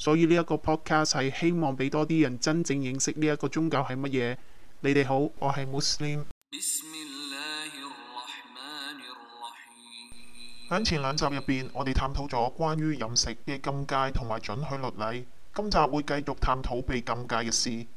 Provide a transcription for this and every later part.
所以呢一個 podcast 係希望俾多啲人真正認識呢一個宗教係乜嘢。你哋好，我係 Muslim。響前兩集入邊，我哋探討咗關於飲食嘅禁戒同埋准許律例。今集會繼續探討被禁戒嘅事，繼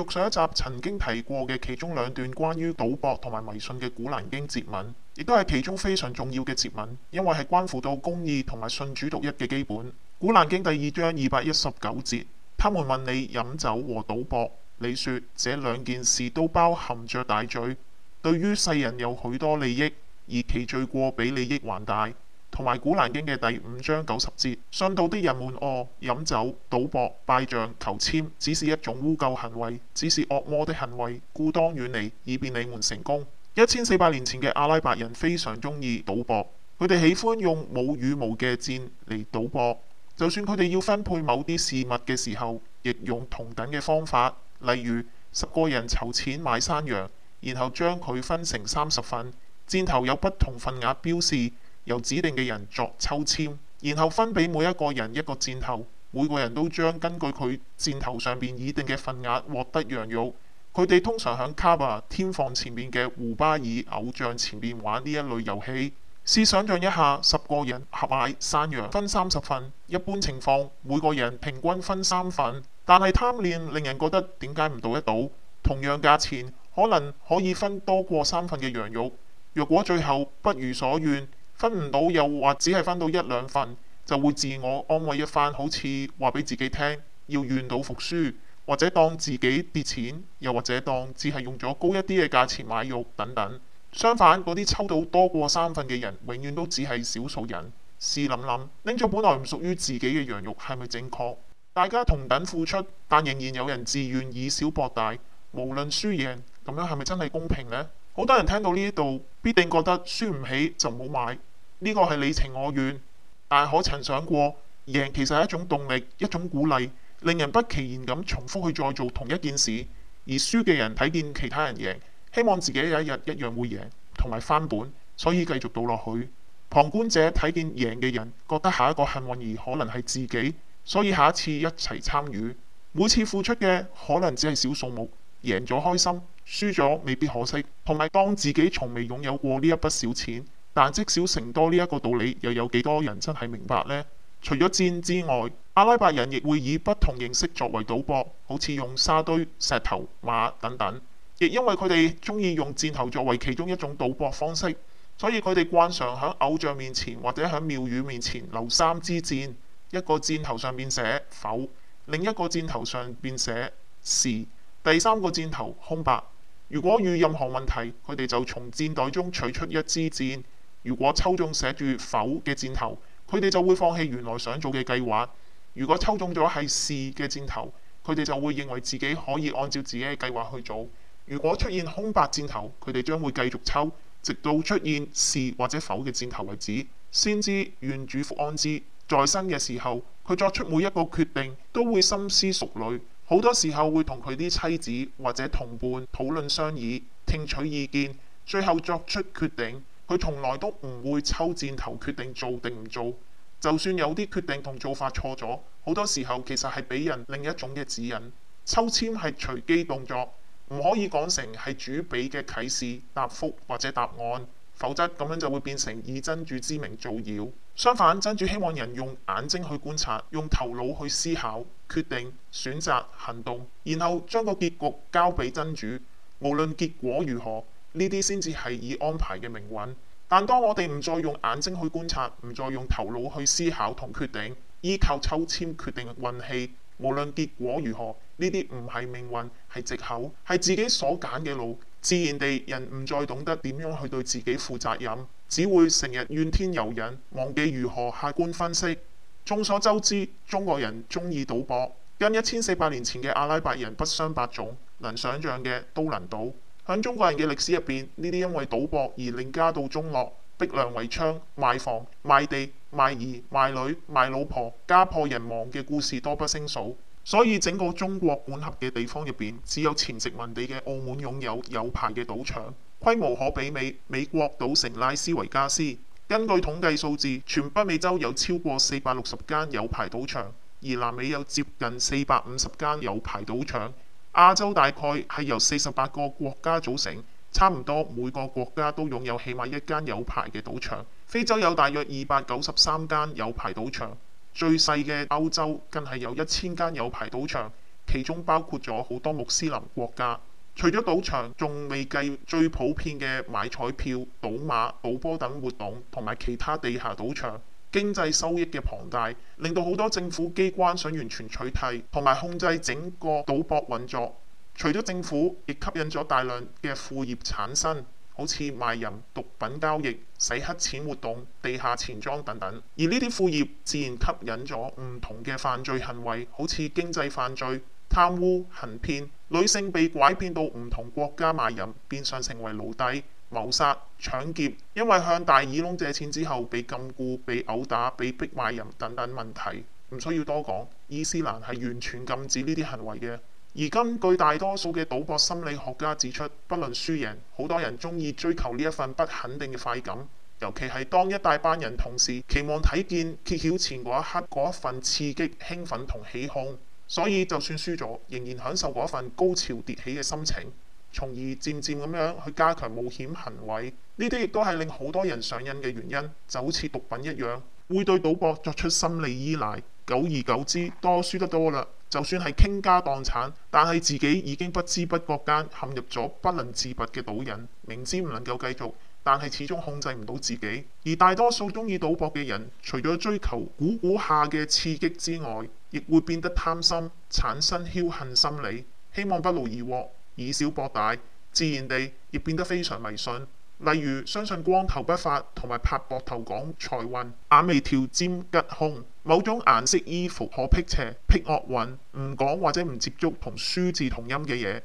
續上一集曾經提過嘅其中兩段關於賭博同埋迷信嘅古蘭經節文，亦都係其中非常重要嘅節文，因為係關乎到公義同埋信主獨一嘅基本。.《古蘭經》第二章二百一十九節，他們問你飲酒和賭博，你說這兩件事都包含着大罪，對於世人有許多利益，而其罪過比利益還大。同埋，《古蘭經》嘅第五章九十節，信道的人們哦，飲酒、賭博、拜像、求籤，只是一種污垢行為，只是惡魔的行為，故當遠離，以便你們成功。一千四百年前嘅阿拉伯人非常中意賭博，佢哋喜歡用冇羽毛嘅箭嚟賭博。就算佢哋要分配某啲事物嘅時候，亦用同等嘅方法。例如十個人籌錢買山羊，然後將佢分成三十份，箭頭有不同份額標示，由指定嘅人作抽籤，然後分俾每一個人一個箭頭。每個人都將根據佢箭頭上邊擬定嘅份額獲得羊肉。佢哋通常喺卡巴天房前面嘅胡巴爾偶像前面玩呢一類遊戲。試想像一下，十個人合買山羊，分三十份。一般情況，每個人平均分三份。但係貪念令人覺得點解唔到一到？同樣價錢，可能可以分多過三份嘅羊肉。若果最後不如所願，分唔到又或只係分到一兩份，就會自我安慰一番，好似話俾自己聽，要願賭服輸，或者當自己跌錢，又或者當只係用咗高一啲嘅價錢買肉等等。相反，嗰啲抽到多過三份嘅人，永遠都只係少數人。試諗諗，拎咗本來唔屬於自己嘅羊肉，係咪正確？大家同等付出，但仍然有人自願以小博大，無論輸贏，咁樣係咪真係公平呢？好多人聽到呢一度，必定覺得輸唔起就唔好買。呢個係你情我願，但可曾想過贏其實係一種動力，一種鼓勵，令人不其然咁重複去再做同一件事。而輸嘅人睇見其他人贏。希望自己有一日一樣會贏，同埋翻本，所以繼續賭落去。旁觀者睇見贏嘅人，覺得下一個幸運兒可能係自己，所以下一次一齊參與。每次付出嘅可能只係小數目，贏咗開心，輸咗未必可惜。同埋當自己從未擁有過呢一筆小錢，但積少成多呢一個道理又有幾多人真係明白呢？除咗箭之外，阿拉伯人亦會以不同形式作為賭博，好似用沙堆、石頭、馬等等。亦因為佢哋中意用箭頭作為其中一種賭博方式，所以佢哋慣常喺偶像面前或者喺廟宇面前留三支箭，一個箭頭上面寫否，另一個箭頭上面寫是，第三個箭頭空白。如果遇任何問題，佢哋就從箭袋中取出一支箭。如果抽中寫住否嘅箭頭，佢哋就會放棄原來想做嘅計劃；如果抽中咗係是嘅箭頭，佢哋就會認為自己可以按照自己嘅計劃去做。如果出現空白箭頭，佢哋將會繼續抽，直到出現是或者否嘅箭頭為止，先知願主福安之，在生嘅時候，佢作出每一個決定都會深思熟慮，好多時候會同佢啲妻子或者同伴討論商議，聽取意見，最後作出決定。佢從來都唔會抽箭頭決定做定唔做。就算有啲決定同做法錯咗，好多時候其實係俾人另一種嘅指引。抽籤係隨機動作。唔可以講成係主俾嘅啟示、答覆或者答案，否則咁樣就會變成以真主之名造謠。相反，真主希望人用眼睛去觀察，用頭腦去思考、決定、選擇、行動，然後將個結局交俾真主。無論結果如何，呢啲先至係已安排嘅命運。但當我哋唔再用眼睛去觀察，唔再用頭腦去思考同決定，依靠抽籤決定運氣，無論結果如何。呢啲唔係命運，係藉口，係自己所揀嘅路。自然地，人唔再懂得點樣去對自己負責任，只會成日怨天尤人，忘記如何客觀分析。眾所周知，中國人中意賭博，跟一千四百年前嘅阿拉伯人不相伯仲，能想像嘅都能賭。響中國人嘅歷史入邊，呢啲因為賭博而令家道中落、逼良為娼、賣房賣地賣兒賣女賣老婆、家破人亡嘅故事多不勝數。所以整個中國管轄嘅地方入邊，只有前殖民地嘅澳門擁有有牌嘅賭場，規模可媲美美國賭城拉斯維加斯。根據統計數字，全北美洲有超過四百六十間有牌賭場，而南美有接近四百五十間有牌賭場。亞洲大概係由四十八個國家組成，差唔多每個國家都擁有起碼一間有牌嘅賭場。非洲有大約二百九十三間有牌賭場。最細嘅歐洲，更係有一千間有牌賭場，其中包括咗好多穆斯林國家。除咗賭場，仲未計最普遍嘅買彩票、賭馬、賭波等活動，同埋其他地下賭場。經濟收益嘅龐大，令到好多政府機關想完全取締同埋控制整個賭博運作。除咗政府，亦吸引咗大量嘅副業產生。好似賣淫、毒品交易、洗黑錢活動、地下錢莊等等，而呢啲副業自然吸引咗唔同嘅犯罪行為，好似經濟犯罪、貪污、行騙、女性被拐騙到唔同國家賣淫，變相成為奴隸、謀殺、搶劫，因為向大耳窿借錢之後被禁錮、被毆打、被逼賣淫等等問題，唔需要多講，伊斯蘭係完全禁止呢啲行為嘅。而根據大多數嘅賭博心理學家指出，不論輸贏，好多人中意追求呢一份不肯定嘅快感，尤其係當一大班人同時期望睇見揭曉前嗰一刻嗰一份刺激、興奮同起哄。所以就算輸咗，仍然享受嗰份高潮迭起嘅心情，從而漸漸咁樣去加強冒險行為。呢啲亦都係令好多人上癮嘅原因，就好似毒品一樣，會對賭博作出心理依賴。久而久之，多輸得多啦。就算係傾家蕩產，但係自己已經不知不覺間陷入咗不能自拔嘅賭癮，明知唔能夠繼續，但係始終控制唔到自己。而大多數鍾意賭博嘅人，除咗追求股股下嘅刺激之外，亦會變得貪心，產生僥倖心理，希望不勞而獲，以小博大，自然地亦變得非常迷信。例如相信光頭不發，同埋拍膊頭講財運，眼眉跳尖吉凶。某種顏色衣服可辟邪、辟惡運，唔講或者唔接觸同書字同音嘅嘢，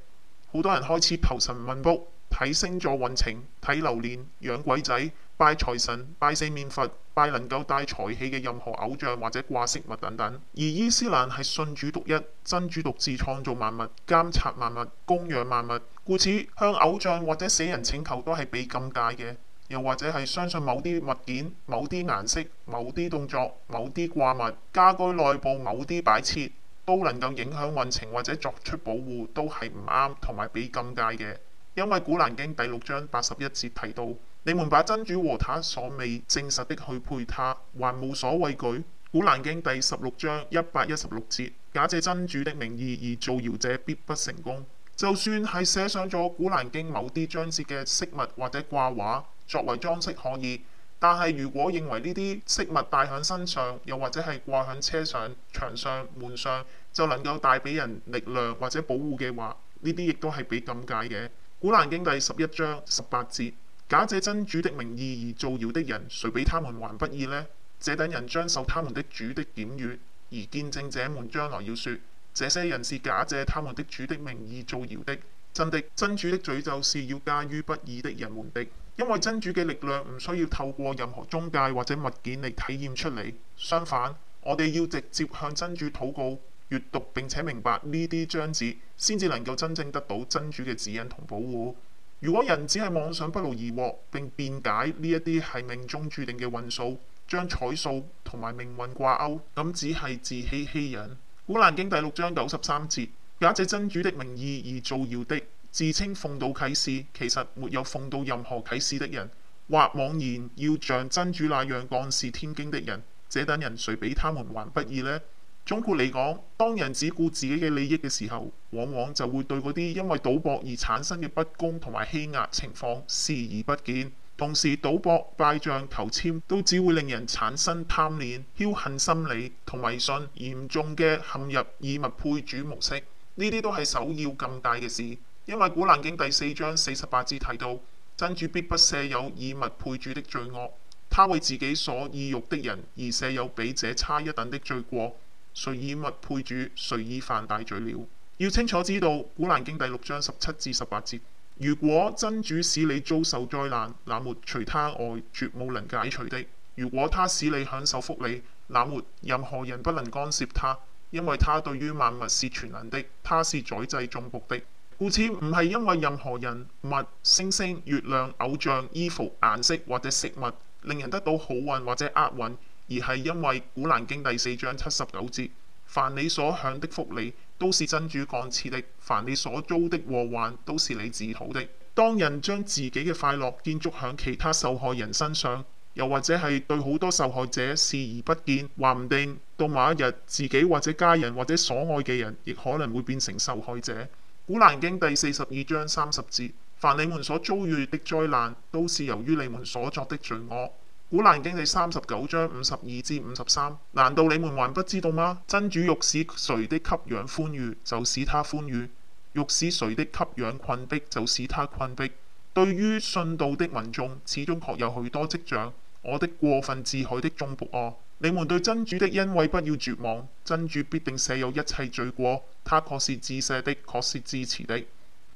好多人開始求神問卜、睇星座運程、睇流年、養鬼仔、拜財神、拜四面佛、拜能夠帶財氣嘅任何偶像或者掛飾物等等。而伊斯蘭係信主獨一，真主獨自創造萬物、監察萬物、供養萬物，故此向偶像或者死人請求都係被禁戒嘅。又或者係相信某啲物件、某啲顏色、某啲動作、某啲掛物、家居內部某啲擺設，都能夠影響運程或者作出保護，都係唔啱同埋俾禁戒嘅。因為《古蘭經》第六章八十一節提到，你們把真主和他所未證實的去配他，還無所畏懼。《古蘭經》第十六章一百一十六節，假借真主的名義而造謠者必不成功。就算係寫上咗《古蘭經》某啲章節嘅飾物或者掛畫。作為裝飾可以，但係如果認為呢啲飾物戴喺身上，又或者係掛喺車上、牆上、門上，就能夠帶俾人力量或者保護嘅話，呢啲亦都係俾禁戒嘅。古蘭經第十一章十八節：假借真主的名義而造謠的人，誰比他們還不義呢？這等人將受他們的主的檢閱，而見證者們將來要說：這些人是假借他們的主的名義造謠的。真的，真主的詛咒是要加於不義的人們的，因為真主嘅力量唔需要透過任何中介或者物件嚟體驗出嚟。相反，我哋要直接向真主禱告、閱讀並且明白呢啲章節先至能夠真正得到真主嘅指引同保護。如果人只係妄想不勞而獲並辯解呢一啲係命中注定嘅運數，將彩數同埋命運掛鈎，咁只係自欺欺人。古蘭經第六章九十三節。假借真主的名義而造謠的，自稱奉到啟示，其實沒有奉到任何啟示的人，或妄言要像真主那樣幹事天經的人，這等人誰比他們還不義呢？總括嚟講，當人只顧自己嘅利益嘅時候，往往就會對嗰啲因為賭博而產生嘅不公同埋欺壓情況視而不見。同時，賭博、拜像、求簽都只會令人產生貪念、僥幸心理同迷信，嚴重嘅陷入以物配主模式。呢啲都係首要咁大嘅事，因為《古蘭經》第四章四十八節提到，真主必不赦宥以物配主的罪惡，他為自己所意欲的人而赦宥比這差一等的罪過，誰以物配主，誰已犯大罪了。要清楚知道《古蘭經》第六章十七至十八節，如果真主使你遭受災難，那末除他外，絕無能解除的；如果他使你享受福利，那末任何人不能干涉他。因為他對於萬物是全能的，他是宰制眾僕的，故此唔係因為任何人、物、星星、月亮、偶像、衣服、顏色或者食物，令人得到好運或者厄運，而係因為《古蘭經》第四章七十九節：凡你所享的福利，都是真主降賜的；凡你所遭的禍患，都是你自討的。當人將自己嘅快樂建築喺其他受害人身上。又或者係對好多受害者視而不見，話唔定到某一日自己或者家人或者所愛嘅人，亦可能會變成受害者。古蘭經第四十二章三十節：凡你們所遭遇的災難，都是由於你們所作的罪惡。古蘭經第三十九章五十二至五十三：53，難道你們還不知道嗎？真主欲使誰的給養寬裕，就使他寬裕；欲使誰的給養困迫，就使他困迫。對於信道的民眾，始終確有許多跡象。我的過分自害的眾僕哦，你們對真主的恩惠不要絕望。真主必定赦宥一切罪過，他確是至赦的，確是至慈的。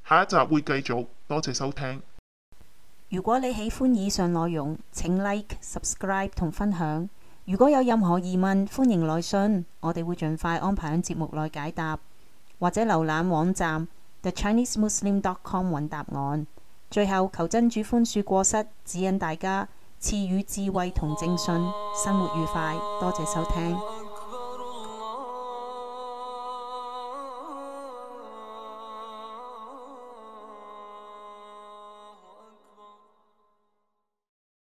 下一集會繼續，多謝收聽。如果你喜歡以上內容，請 like、subscribe 同分享。如果有任何疑問，歡迎來信，我哋會盡快安排喺節目內解答，或者瀏覽網站 thechinesemuslim.com 揾答案。最後求真主寬恕過失，指引大家。賜予智慧同正信，生活愉快。多謝收聽。